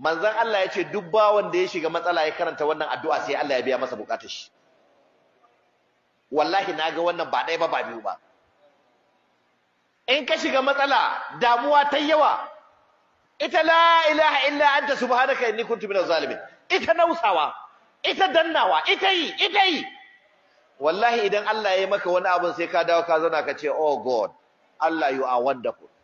manzan Allah yace duk bawan da ya shiga matsala ya karanta wannan addu'a sai Allah ya biya masa bukatar shi wallahi na ga wannan ba ɗaya ba ba biyu ba in ka shiga matsala damuwa ta yawa ita la ilaha illa anta subhanaka inni kuntu minaz zalimin ita nausawa ita dannawa ita yi ita yi wallahi idan Allah ya yi maka wani abin sai ka dawo ka zauna ka ce oh god Allah you are wonderful